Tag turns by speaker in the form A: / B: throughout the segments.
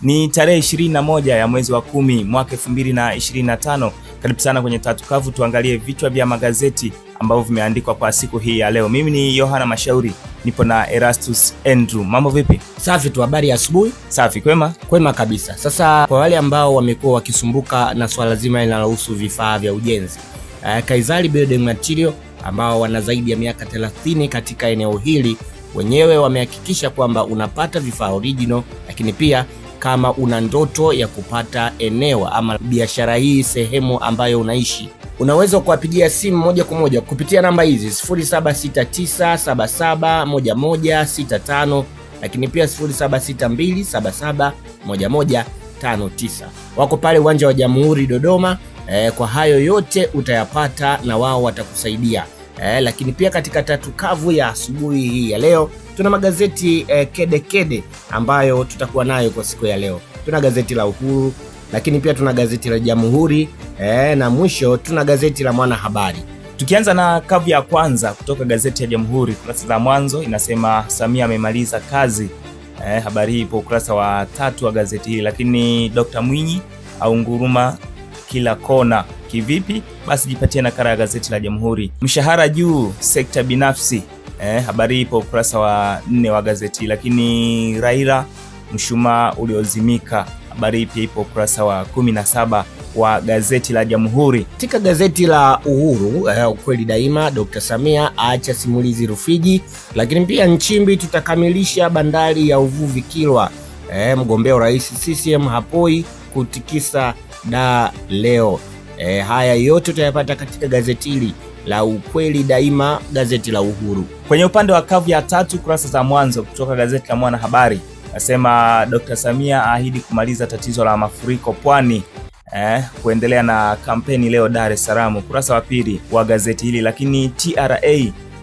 A: Ni tarehe 21 ya mwezi wa kumi mwaka tano. Karibu sana kwenye Tatu Kavu, tuangalie vichwa vya magazeti ambavyo vimeandikwa kwa siku hii ya leo. Mimi ni Yohana Mashauri, nipo na Erastus Andrew. Mambo vipi?
B: Safi tu, habari ya asubuhi.
A: Safi, kwema
B: kwema kabisa. Sasa kwa wale ambao wamekuwa wakisumbuka na swala zima linalohusu vifaa vya ujenzi uh, eh, Kaizali Building Material ambao wana zaidi ya miaka 30 katika eneo hili wenyewe wamehakikisha kwamba unapata vifaa original, lakini pia kama una ndoto ya kupata eneo ama biashara hii sehemu ambayo unaishi, unaweza kuwapigia simu moja kwa moja kupitia namba hizi 0769771165 lakini pia 0762771159. Wako pale uwanja wa Jamhuri Dodoma. Eh, kwa hayo yote utayapata na wao watakusaidia eh, lakini pia katika tatu kavu ya asubuhi hii ya leo tuna magazeti eh, kede kede ambayo tutakuwa nayo kwa siku ya leo. Tuna gazeti la Uhuru, lakini pia tuna gazeti la Jamhuri eh, na mwisho tuna gazeti la Mwanahabari.
A: Tukianza na kavu ya kwanza kutoka gazeti ya Jamhuri, kurasa za mwanzo inasema Samia amemaliza kazi. Eh, habari hii ipo ukurasa wa tatu wa gazeti hili, lakini Dr. Mwinyi aunguruma kila kona Kivipi? Basi jipatie nakala ya gazeti la Jamhuri. Mshahara juu sekta binafsi, eh, habari ipo ukurasa wa nne wa gazeti. Lakini Raila mshumaa uliozimika, habari pia ipo ukurasa wa 17 wa gazeti la Jamhuri.
B: Katika gazeti la Uhuru eh, ukweli daima, d Samia aacha simulizi Rufiji. Lakini pia Nchimbi, tutakamilisha bandari ya uvuvi Kilwa. Eh, mgombea urais CCM hapoi kutikisa da leo. E, haya yote utayapata katika gazeti hili la Ukweli Daima, gazeti la Uhuru.
A: Kwenye upande wa kavu ya tatu, kurasa za mwanzo kutoka gazeti la Mwanahabari nasema Dr. Samia aahidi kumaliza tatizo la mafuriko Pwani. Eh, kuendelea na kampeni leo Dar es Salaam, ukurasa wa pili wa gazeti hili. Lakini TRA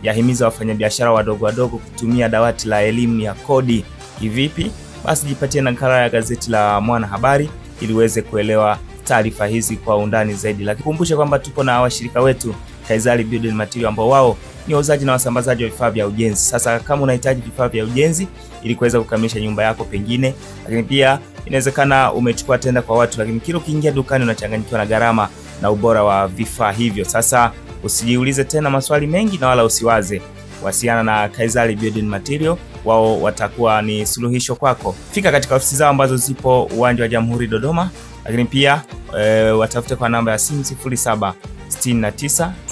A: yahimiza wafanyabiashara wadogo wadogo kutumia dawati la elimu ya kodi. Kivipi? Basi jipatie nakala ya gazeti la Mwanahabari ili uweze kuelewa taarifa hizi kwa undani zaidi, lakini kumbushe kwamba tupo na washirika wetu Kaizali Building Material ambao wao ni wauzaji na wasambazaji wa vifaa vya ujenzi. Sasa kama unahitaji vifaa vya ujenzi ili kuweza kukamilisha nyumba yako pengine, lakini pia inawezekana umechukua tenda kwa watu, lakini kila ukiingia dukani unachanganyikiwa na gharama na ubora wa vifaa hivyo. Sasa usijiulize tena maswali mengi na wala usiwaze, wasiana na Kaizali Building Material, wao watakuwa ni suluhisho kwako. Fika katika ofisi zao ambazo zipo uwanja wa Jamhuri Dodoma lakini pia e, watafute kwa namba ya simu 0769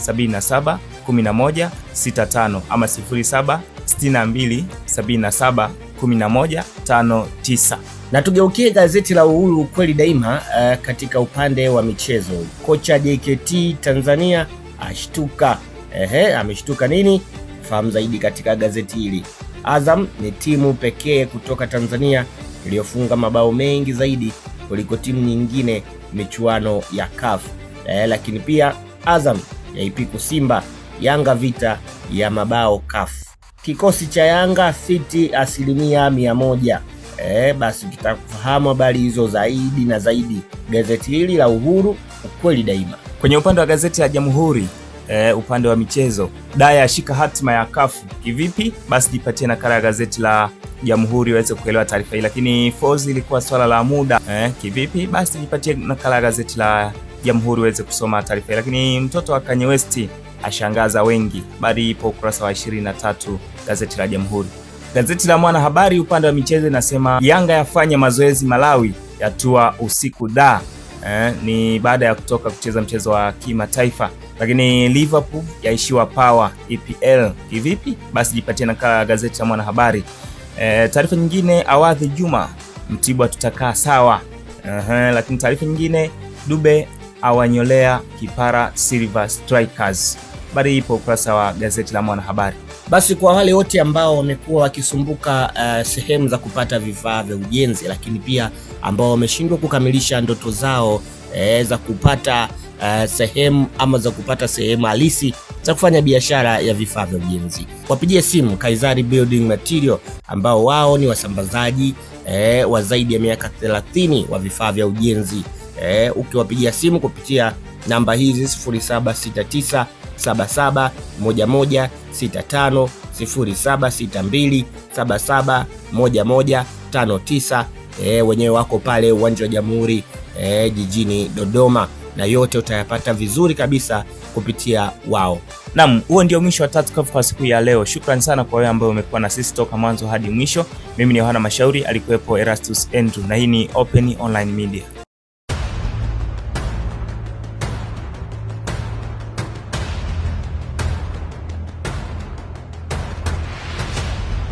A: 77 11 65 ama 07 77 11 59.
B: Na tugeukie gazeti la Uhuru ukweli daima. Uh, katika upande wa michezo kocha JKT Tanzania ashtuka. Ehe, ameshtuka nini? Fahamu zaidi katika gazeti hili. Azam ni timu pekee kutoka Tanzania iliyofunga mabao mengi zaidi kuliko timu nyingine michuano ya CAF. Eh, lakini pia Azam yaipiku Simba, Yanga vita ya mabao CAF. Kikosi cha Yanga fiti asilimia mia moja. Eh, basi tutakufahamu habari hizo zaidi na zaidi gazeti hili la Uhuru, ukweli daima.
A: Kwenye upande wa gazeti ya Jamhuri e, upande wa michezo, Daya ashika hatima ya kafu kivipi? Basi jipatie nakala ya gazeti la jamhuri iweze kuelewa taarifa hii, lakini fozi ilikuwa swala la muda eh, kivipi? Basi nipatie nakala ya gazeti la jamhuri uweze kusoma taarifa hii. Lakini mtoto wa Kanye West ashangaza wengi, habari ipo ukurasa wa 23 gazeti la Jamhuri. Gazeti la Mwanahabari upande wa michezo inasema Yanga yafanya mazoezi Malawi, yatua usiku da eh, ni baada ya kutoka kucheza mchezo wa kimataifa. Lakini Liverpool yaishiwa power EPL. Kivipi? Basi jipatie nakala ya gazeti la Mwanahabari. E, taarifa nyingine Awadhi Juma Mtibwa tutakaa sawa. Aha, lakini taarifa nyingine Dube awanyolea kipara Silver Strikers. Habari ipo ukurasa wa gazeti la Mwanahabari.
B: Basi kwa wale wote ambao wamekuwa wakisumbuka uh, sehemu za kupata vifaa vya ujenzi, lakini pia ambao wameshindwa kukamilisha ndoto zao eh, za kupata uh, sehemu ama za kupata sehemu halisi za kufanya biashara ya vifaa vya ujenzi. Wapigie simu Kaizari Building Material ambao wao ni wasambazaji eh, wa zaidi ya miaka 30 wa vifaa vya ujenzi eh, ukiwapigia simu kupitia namba hizi 0769 77 11 wenyewe wako pale uwanja wa Jamhuri eh, jijini Dodoma na yote utayapata vizuri kabisa kupitia wao.
A: Naam, huo ndio mwisho wa TAT kwa siku ya leo. Shukrani sana kwa wewe ambaye umekuwa na sisi toka mwanzo hadi mwisho. Mimi ni Yohana Mashauri, alikuwepo Erastus Andrew, na hii ni Open Online Media.